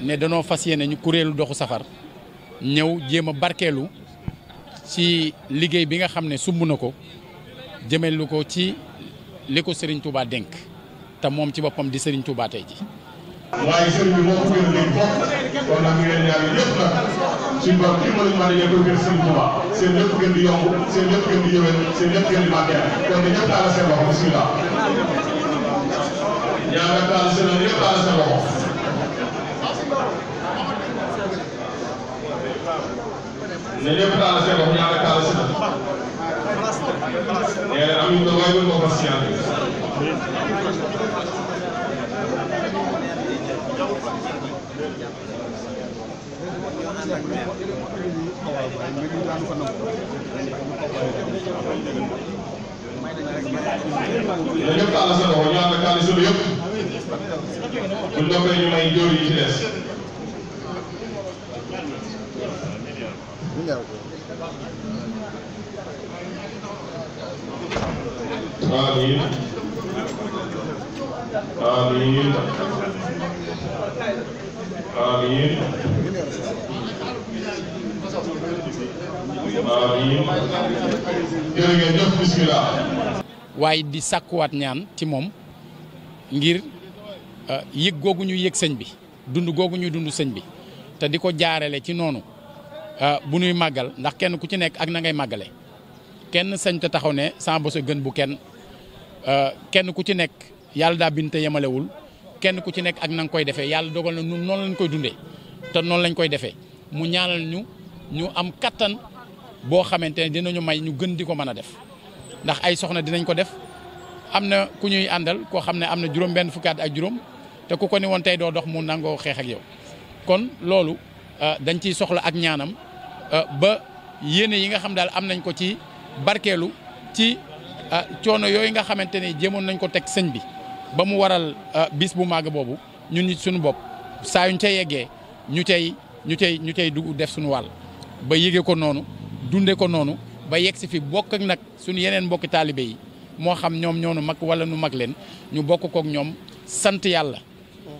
ne danoo fas yéene ñu kuréelu doxu safar ñëw jéem barkeelu ci liggéey bi nga xam ne sumb ko jëmelu ko ci li ko Serigne Touba dénk te moom ci boppam di Serigne Touba tey sëriñ bi moo ko gën a leen kon nag ñu leen ñaan yëpp nag suñ borom kii moo leen kon ne ñëpp daal seen loxo ne ñëpp taal seen bopp yàlla taal seen bopp nee na amuñu doon waaye buñ ko fas yàlla. ne ñëpp taal seen bopp yàlla taal seen bopp yëpp buñ doon koy ñu may jóor yi ci des. آمين آمين waaye di sàkkuwaat ñaan ci moom ngir euh, yëg googu ñu yëg sëñ bi dund googu ñu dund sëñ bi te di ko jaarale ci noonu Euh, bu nuy màggal ndax kenn ku ci nekk ak nangay ngay màggale kenn sañ ta taxaw ne sans sa gën bu kenn euh, kenn ku ci nekk yàlla daa bind te yemalewul kenn ku ci nekk ak na nga koy defee yàlla dogal na ñun noonu lañ koy dundee te noonu lañ koy defee mu ñaanal ñu ñu am kattan boo xamante ne dinañu may ñu gën di ko mën a def ndax ay soxna dinañ ko def am na ku ñuy àndal koo xam ne am na juróom benn fukkaat ak juróom te ku ko ni woon tey doo dox mu nangoo xeex ak yow kon loolu euh, dañ ciy soxla ak ñaanam Euh, ba yéene yi nga xam daal am nañ ko ci barkeelu ci euh, coono yooyu nga xamante ne jéemoon nañ ko teg sëñ bi ba mu waral euh, bis bu màgg boobu ñun ñi suñu bopp saa yuñ ca yeggee ñu cay ñu tey ñu tey dugg def suñu wàll ba yëge ko noonu dunde ko noonu ba yegg si fi bokk ak nag suñu yeneen mbokk taalibe yi moo xam ñoom ñoonu mag wala nu mag leen ñu bokk kook ñoom sant yàlla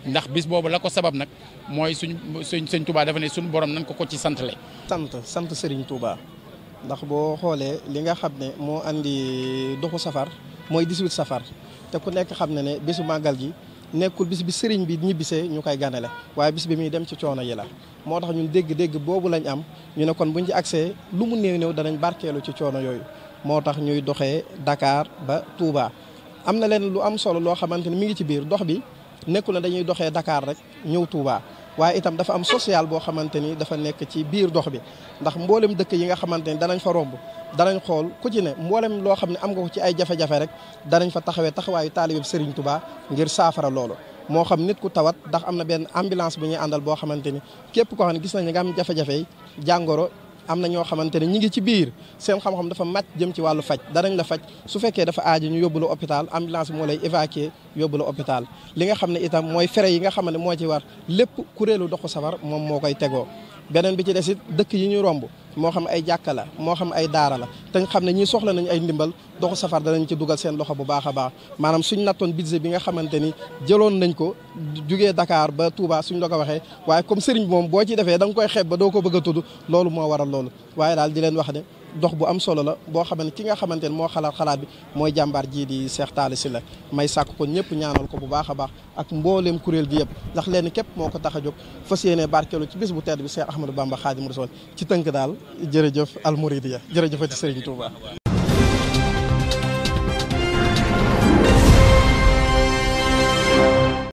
ndax bis boobu la ko sabab nag mooy suñ suñ sëñ Touba dafa ne suñu borom nan ko ko ci sant le sant sant Serigne Touba ndax boo xoolee li nga xam ne moo andi doxu safar mooy 18 safar te ku nekk xam na ne bisu màggal gi nekkul bis bi sëriñ bi ñibbisee ñu koy ganale waaye bis bi muy dem ci coono yi la moo tax ñun dégg-dégg boobu lañ am ñu ne kon buñ ci accès lu mu néew néew danañ barkeelu ci coono yooyu moo tax ñuy doxee dakaar ba Touba am na leen lu am solo loo xamante ni mu ngi ci biir dox bi nekk na dañuy doxee dakaar rek ñëw Touba waaye itam dafa am social boo xamante ni dafa nekk ci biir dox bi ndax mboolem dëkk yi nga xamante ni danañ fa romb danañ xool ku ci mboolem loo xam ne am nga ko ci ay jafe-jafe rek danañ fa taxawee taxawaayu taalibe Serigne Touba ngir saafara loolu. moo xam nit ku tawat ndax am na benn ambulance bu ñuy àndal boo xamante ni képp koo xam ne gis nañ nga am jafe-jafe jàngoro. am na ñoo xamante ne ñi ngi ci biir seen xam-xam dafa màcc jëm ci wàllu faj danañ la faj su fekkee dafa aaj ñu yóbbu la hôpital ambulance moo lay évacuer yóbbu la hôpital li nga xam ne itam mooy frais yi nga xamal ne moo ci war lépp kuréelu doxu safar moom moo koy tegoo beneen bi ci des dëkk yi ñu romb moo xam ay jàkka la moo xam ay daara la te xam ne ñi soxla nañ ay ndimbal dox safar danañ ci dugal seen loxo bu baax a baax maanaam suñ nattoon budget bi nga xamante ni jëloon nañ ko jugee Dakar ba Touba suñ la ko waxee waaye comme sëriñ bi moom boo ci defee da koy xeeb ba doo ko bëgg a tudd loolu moo waral loolu waaye daal di leen wax ne dox bu am solo la boo xam ne ki nga xamante ne moo xalaat xalaat bi mooy jàmbaar jii di Cheikh Talla la may sàkk ko ñëpp ñaanal ko bu baax a baax ak mbooleem kuréel gi yëpp ndax leen képp moo ko tax a jóg fas yéene barkeelu ci bis bu tedd bi Cheikh Ahmadou Bamba Khadimu Rasul ci tënk daal jërëjëf almouridiya jërëjëfati Serigne Touba